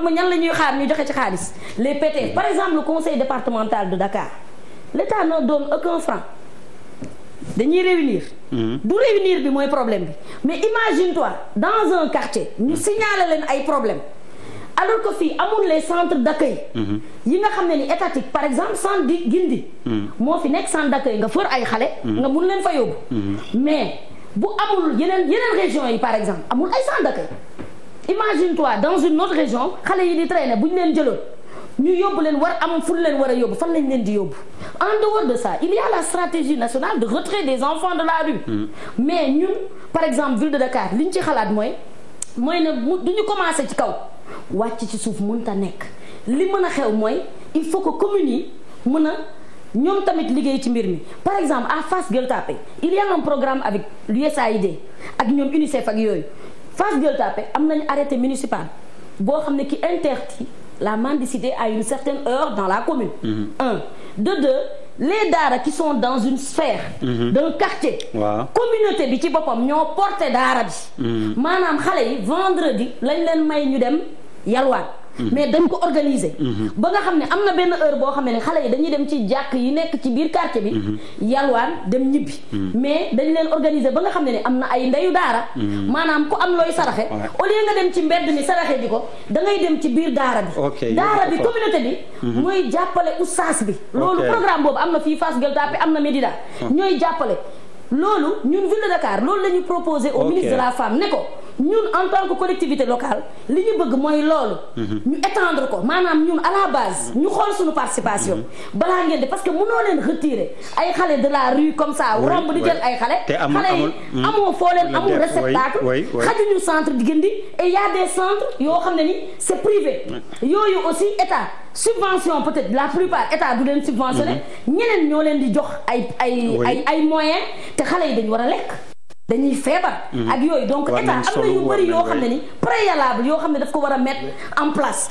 xam ñan la ñuy xaar ñu joxe ci xaalis les PT par exemple le conseil départemental de Dakar l'État ne donne aucun franc dañuy réunir. Hmm. du réunir bi mooy problème bi mais imagine-toi dans un quartier ñu hmm. signaler leen ay problèmes. alors ko fii amul les centre d'accueil hmm. yi nga xam ne ni étatique par exemple centre di Gindi moo fi nekk centre d'accueil nga fër ay xale nga mun leen fa yóbbu mais bu amul yeneen yeneen régions yi par exemple amul ay centre d'accueil imagine toi dans une autre région xale yi di traîner bu ñu leen jëloon ñu yóbbu leen war am fu leen war a yóbbu fan lañ leen di yóbbu en dehors de ça il y a la stratégie nationale de retrait des enfants de la rue mm. mais ñun par exemple ville de Dakar li ñu ci xalaat mooy mooy nag mu du ñu commencé ci kaw wàcc ci suuf mun mënta nekk li mën a xew mooy il faut que communes yi mën a ñoom tamit liggéey ci mbir mi par exemple à Fass Gueule Tapée il y a un programme ak ñoom UNICEF ak yooyu Fass Gueule Tapée am nañu arrêté municipal boo xam ne ki interdit la mendicité à une certaine heure dans la commune. Mhm. un de deux les daara qui sont dans une sphère. Mhm. d'un quartier. communauté bi ci boppam ñoo porté daara bi. Mhm. maanaam xale yi vendredi lañ leen may ñu dem yalwaat. mais dañ ko organiser. Mhm. ba nga xam ne am na benn heure boo xam ne xale yi dañuy dem ci jàkk yi nekk ci biir quartier bi. Mhm. yalwaan dem ñibbi. Mhm. mais dañu leen organiser ba nga xam ne am na ay ndeyu daara. maanaam ko am looy saraxe. au lieu nga dem ci mbedd mi saraxe bi ko da ngay dem ci biir daara bi. daara bi communauté bi. mooy jàppale oustaz bi. loolu programme boobu am na fi fas Gueule Tapée am na Médina ah. ñooy jàppale. loolu ñun ville de loolu la ñu proposé au la femme ne ko. ñun en tant que collectivité locale li ñu bëgg mooy loolu. Mhm. ñu étendre ko maanaam ñun à la base. Mhm. ñu xool suñu participation. Mhm. balaa ngeen di parce que mënoo leen retirer ay xale de la rue comme ça. romb di jël ay xale. te amul xale yi amoo foo leen amul réceptacle. xajuñu centre di gën di et y a des yoo xam ne ni c'est privé. yooyu aussi état. subvention peut-être la plupart état du leen subventionné ñeneen ñoo leen di jox ay ay ay ay te xale yi dañu war a lekk dañuy feebar. Mhm. ak yooyu donc état am na yu bëri yoo xam ne ni préalable yoo xam ne daf ko war a mettre en place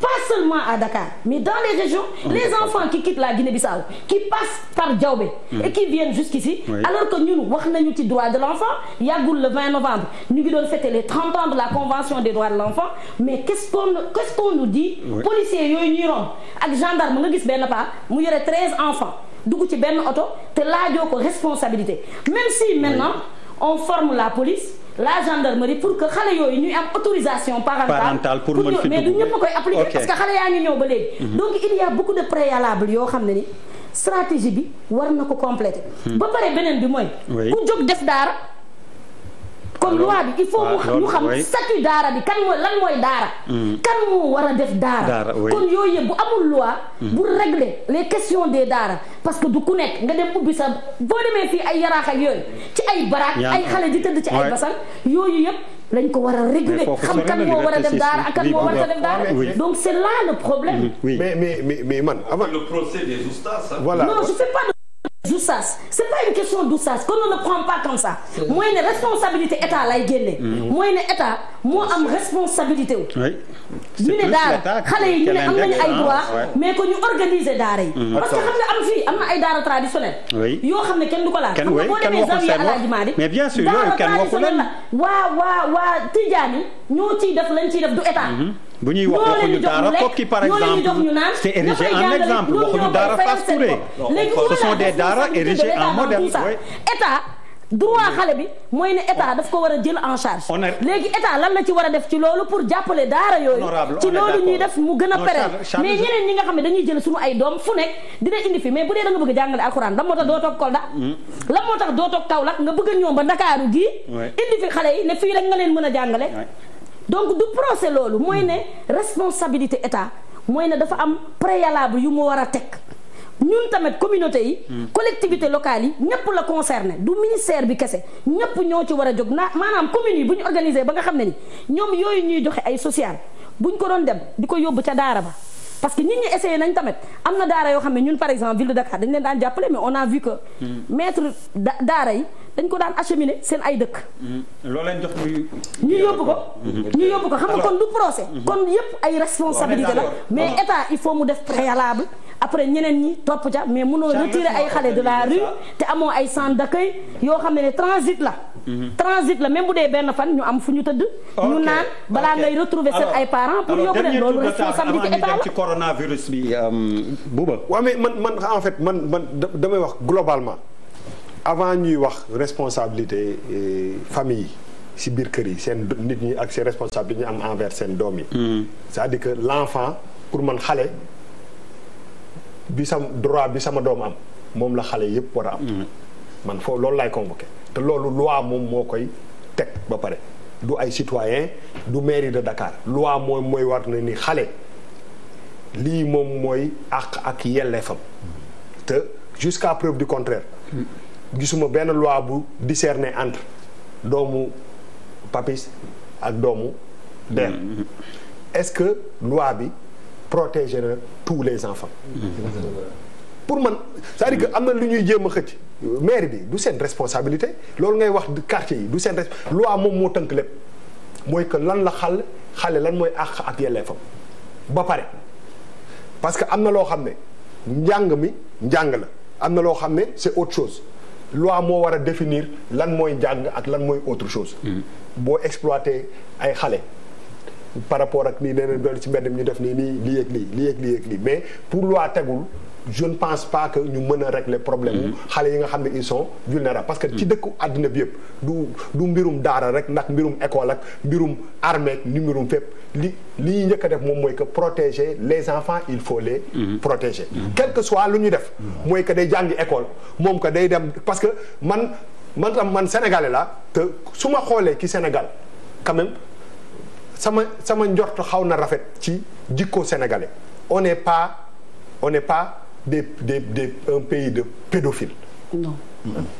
pas seulement à Dakar mais dans les régions. les enfants qui quittent la Guinée-Bissau qui passent par Diaobé. Mhm. et qui viennent jusqu'ici alors que ñun wax nañu ci droit de l'enfant yàggul le 20 novembre ñu ngi doon fêter les 30 ans de la convention des droits de l'enfant mais qu'est-ce qu'on qu'est-ce qu'on nous dit. yooyu ñuy romb ak gendarme nga gis benn paa mu yore 13 enfants dugg ci benn oto te laajoo ko responsabilité même on forme la police la gendarmerie pour que xale yooyu ñuy am autorisation parentale pour mën fi dugg mais du ñëpp koy appliquer parce que xale yaa ngi ñëw ba léegi mhm. donc il y a beaucoup de préalables yoo xam ne ni stratégie bi war na ko compléter hmm. ba pare beneen bi mooy ku jóg def daara kon loi bi il faut mu xam statut daara bi kan mooy lan mooy daara. Hmm. kan moo war def daara. kon yooyu yëpp bu amul loi. Hmm. bu régler les questions des daara parce que du ku nekk nga dem ubbi sa boo demee ay yaraax ay yooyu yëpp. lañ ko war a réguler xam kan def daara donc c'est là le problème. oui mais mais mais le procès des oustas. voilà d'Oustaz c'est pas une question d'Oustaz qu'on ne le prend pas comme ça mooy ne responsabilité état lay génne mm-hmm. mooy ne état moo am responsabilité wu ne daara xale yi ne am nañu ay droit mais que ñu organiser daara mm-hmm. parce que xam nga am fii am na ay daara traditionnelle yoo xam ne kenn du ko laal xam nga boo demee zawiya Alaaji Maalik mais bien sûr waa waa Tijaani ñoo ciy def lañ ciy def du état mm-hmm. bu ñuy wax waxuñu daara par exemple c'est érigé en exemple waxuñu daara Fass Touré ce sont des daara érigés en modèle état bi mooy ne état daf ko war a jël en charge léegi lan la ci war a def ci loolu pour jàppale daara yooyu ci loolu ñuy def mu gën a péré mais ñeneen ñi nga xam ne dañuy jël suñu ay doom fu nekk dina indi fi mais bu dee da nga bëgg jàngale alxuraan lan moo tax doo toog Kolda hmm. lan nga bëgg a ñoom ba Ndakaaru gii indi fi xale yi ne fii rek nga leen mën a jàngale donc du procès loolu mooy ne responsabilité état mooy ne dafa am préalable yu mu war a teg ñun tamit communauté yi hmm. collectivité locale yi ñëpp la concerné du ministère bi kese ñëpp ñoo ci war a jóg naa maanaam communes yi bu ñu organisé ba nga xam ne ni ñoom yooyu ñuy joxe ay social buñ ko doon dem di ko yóbbu ca daara ba parce que nit ñi essayé nañ tamit am na daara yoo xam ne ñun par exemple ville de Dakar dañ leen daan jàppale mais on a vu que. Mm. maître daara yi dañ ko daan acheminer seen ay dëkk. Mm. loo leen jox ñu. ñu yóbbu ko ñu yóbbu ko xam nga kon du procès. Mm-hmm. kon yëpp ay responsabilité la mais état il faut mu def préalable. après ñeneen ñi topp ca mais mënoo retirer ay xale de la rue te amoo ay centre d'accueil yoo xam ne transit la. Mhm. transit la même dee benn fan ñu am fu ñu tëdd. ñu naan balaa ngay retrouver seen ay parents. pour yóbbu leen loolu responsabilité état la ci coronavirus bi euh, euh, buuba. man man en fait man man damay wax globalement avant ñuy wax responsabilité euh, famille yi si biir kër yi seen nit ñi ak seen responsabilité ñu am envers seen doom yi. Hmm. c'est-à-dire que l'enfant pour man xale bi sama droit bi sama doom am moom la xale yëpp war a am. Hmm. man foofu loolu laay convoqué te loolu loi moom moo koy teg ba pare du ay citoyen du mairie de dakaar loi moom mooy war na ni xale lii moom mooy àq ak yelleefam te jusqu'à preuve du contraire gisuma benn loi bu discerner entre doomu papis ak doomu deel est-ce que loi bi protéger na tous les enfants mm-hmm. pour man c'est-à-dire am na lu ñuy jéem a xëcc maire bi du seen responsabilité loolu ngay wax quartier yi du seen loi moom moo tënk lépp mooy que lan la xal xale lan mooy àq ak yelleefam ba pare parce que am na loo xam ne njàng mi njàng la am na loo xam ne c'est autre chose loi moo war a definir lan mooy njàng ak lan mooy autre chose. Mm. boo exploité ay xale. par rapport ak nii nee nañ doon ci mbedd mi ñu def nii nii lii ak lii lii ak lii ak lii mais pour loi tegul. je ne pense pas que ñu mën a régler problème wu mhm. xale yi nga xam ne ils sont vulnérables parce que ci mhm. dëkku àddina bi yëpp du mbirum daara rek ndax mbirum école ak mbirum armée ak ni mbirum fépp li li ñuy njëkk def moom mooy que protéger les enfants il faut les mhm. protéger quelque que soit lu ñu def mooy que day jàngi école moom que day dem parce que man man tam man sénégalais la te su ma xoolee ki Sénégal quand sama sama njort xaw na rafet ci jikko sénégalais on n'est pas on des des des un pays de pédophiles. non.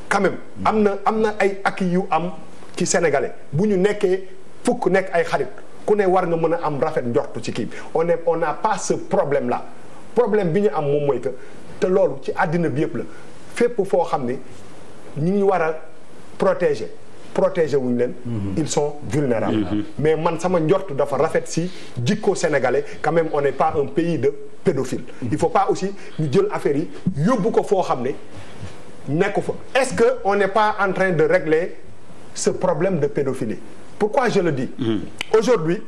quand am na am na ay ak yu am ci sénégalais bu ñu nekkee fukk nekk ay xarit ku ne war nga mën a am rafet njortu ci kii bi on est on n'a pas ce problème là problème bi ñu am moom mooy que te loolu ci àddina bi yëpp la fépp foo xam ni ñi ñu war a protéger. protéger wuñ leen. Mhm. ils sont vulnérables. Mhm. mais man sama njort dafa rafet si jikko sénégalais quand même on n'est pas un pays de pédophile. Mhm. il faut pas aussi ñu jël affaire yi yóbbu ko foo xam ne nekk fa est-ce que on ne pas en train de régler ce problème de pédophilie pourquoi je le dis. aujourd'hui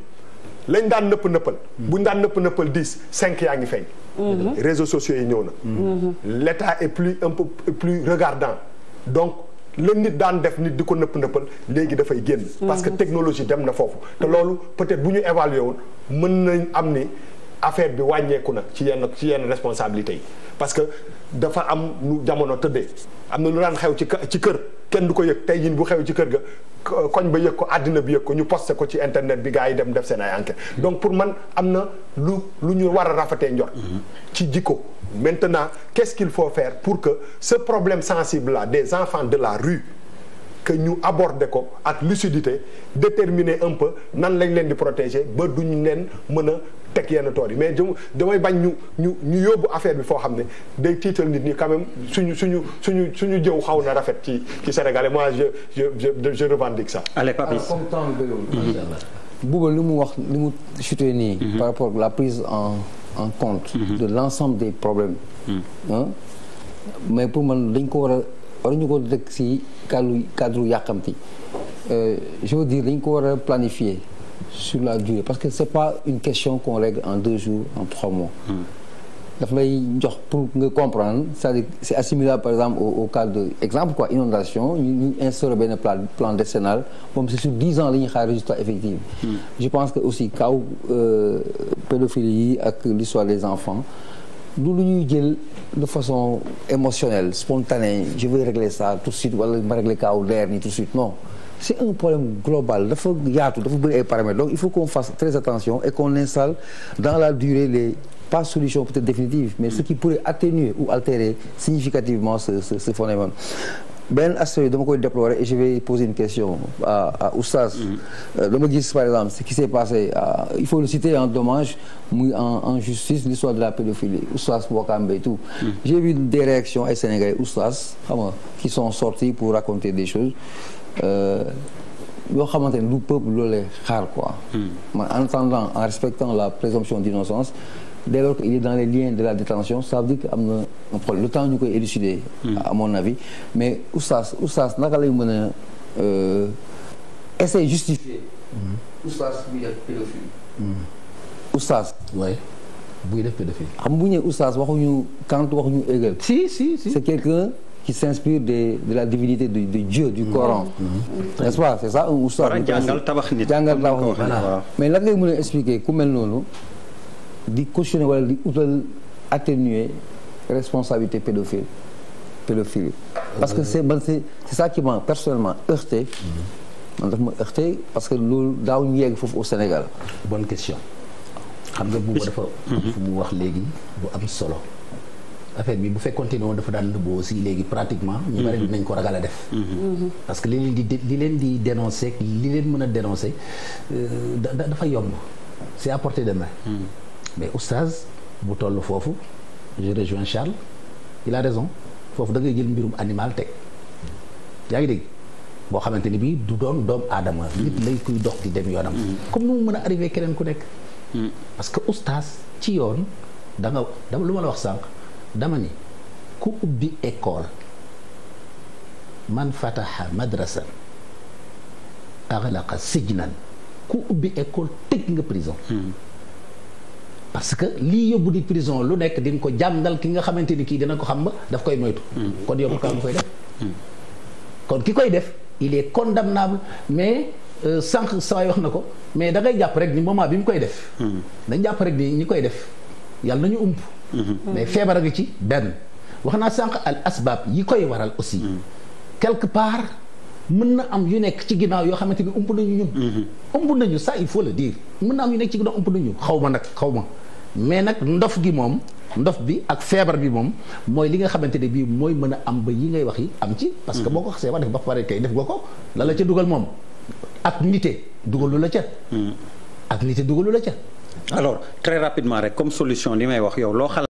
lañ daan nëpp nëppal. buñ daan nëpp nëppal dix cinq yaa ngi feeñ. réseaux sociaux yi ñëw na. l'état est plus un peu plus regardant donc. la nit daan def nit di ko nëpp nëppal léegi dafay génn. Mm. parce que technologie dem na foofu. te loolu peut-être bu ñu évaluer woon mën nañ am ni affaire bi wàññeeku na ci yenn ci yenn responsabilité yi parce que dafa am nu jamono tëddee am na lu daan xew ci ci kër kenn du ko yëg tey jii bu xew ci kër ga koñ ba yëg ko àddina bi yëg ko ñu posté ko ci internet bi gars yi dem def seen ay enquête mm. donc pour man am na lu lu ñu war a rafetee njor mm-hmm. ci jikko. Maintenant, qu'est-ce qu'il faut faire pour que ce problème sensible-là des enfants de la rue que ñu aborder ko ak lucidité déterminer un peu nan lañ leen di protéger ba duñ leen mën a teg yenn tool yi mais damay bañ ñu ñu ñu yóbbu affaire bi foo xam ne day tiital nit ñi quand même suñu suñu suñu suñu jëw xaw na rafet ci ci Sénégal moi de je je je revendique ça. allez Papis ah, mhm. Bouba li mu wax li mu chuté nii. Mhm. par rapport la prise en. en compte mhm. de l'ensemble des problèmes ah mais pour man dañ ko war a waruñu ko dëkk si cadre cadre yàqamti je veux dire dañ ko war a planifier sur la durée parce que c'est pas une question qu'on règle en deux jours en trois mois mhm. daf lay jox pour nga comprendre c'est-à-dire assimilable par exemple au, au cas de exemple quoi inondation ñu ñu instauré benn plan plan décennal moom c'est sur dix ans la ñuy xaar résultat effectif hmm. je pense que aussi kaw euh, pédophilie yi ak l'histoire des enfants du lu ñuy jël de façon émotionnelle spontanée je veux régler ça tout de wala ma régler kaaw deer ni tout de suite c'est un problème global dafa yaatu dafa bëri ay donc il faut qu'on fasse très attention et qu'on installe dans la durée les pas solution peut-être définitive, mais ce qui pourrait atténuer ou altérer significativement ce, ce, ce phénomène. benn aspect bi dama koy déplorer et je vais poser une question à à Oustaz. Mm-hmm. Euh, dama gis par exemple ce qui s'est passé à, euh, il faut le citer en dommage muy en en justice l'histoire de la pédophilie Oustaz Wakambe et tout. Mm. j'ai vu des réactions ay Sénégalais Oustaz xam nga qui sont sortis pour raconter des choses euh, yoo xamante ne lu peuple loolu lay xaar quoi. Mm-hmm. man en attendant en respectant la présomption d'innocence dès lors qu'il est dans les liens de la détention ça veut dire que am na un problème le temps ñu koy élucider. Hmm. à mon avis mais oustaz oustaz naka lay mën a euh, essayer justifier. Hmm. oustaz buy def pédophile. Hmm. oustaz. oui buy def pédophile. xam bu ñu nee oustaz waxuñu Kant waxuñu Hegel. si si si c'est quelqu'un qui s'inspire de de la divinité de, de Dieu du Coran. n'est-ce pas c'est ça un oustaz. jàngal tabax nit jàngal tabax nit mais lan ngay mën a expliquer ku mel noonu. di cautionner wala di utal atténuer responsabilité pédophile pédophile parce que c'est man c'est c'est ça qui m'a personnellement heurté man daf ma heurté parce que loolu daaw ñu yegg foofu au Sénégal bon question xam nga bu dafa fu mu wax léegi bu am solo affaire bi bu fekkoonte ne woon dafa daan nëbbu aussi léegi pratiquement. ñu bari mhm. nañ ko ragal a def. Mhm. parce que li leen di li leen di dénoncer li leen mën a dénoncer euh, dafa yomb c'est à portée de main. Mhm. mais oustaz bu toll foofu je rejoins Charles il a raison foofu da ngay jël mbirum animal teg yaa ngi dégg boo xamante ni bii du doon doomu aadama nit lay kuy dox di dem yoonam hmm. comme nu mën a arrivé keneen ku nekk hmm. parce que oustaz ci yoon da nga dama lu ma la wax sànq dama ni ku ubbi école man fataha madrasan aghlaqa sijnan ku ubbi école tëj nga prison hmm. parce que lii yóbbu di prison lu nekk di ko jàngal ki nga xamante ni kii dina ko xam ba dafa koy moytu. Hmm. kon yow pourquoi nga koy def. Hmm. kon ki koy def il est condamnable mais euh, sànq saa wax na ko mais da jàpp rek ni moment bi mu koy def. nañ hmm. jàpp rek ni ñu koy def yàlla nañu ump. mais feebar gi ci benn wax naa sànq al asbaab yi koy waral aussi. quelque part mën na am yu nekk ci ginnaaw yoo xamante ni ump nañu ñun. ump nañu ça il faut le dire mën na am ci ginnaaw nañu xaw ma nag xaw ma. mais nag ndof gi moom ndof bi ak feebar bi moom mooy li nga xamante ne bii mooy mën a am ba yi ngay wax yi am ci parce que mm-hmm. boo ko xasee wax def ba pare kay def nga ko lala ca dugal moom ak nite dugalu la ca mm-hmm. ak nite dugalu la ca alors très rapidement rek comme solution li may wax yow loo xalaat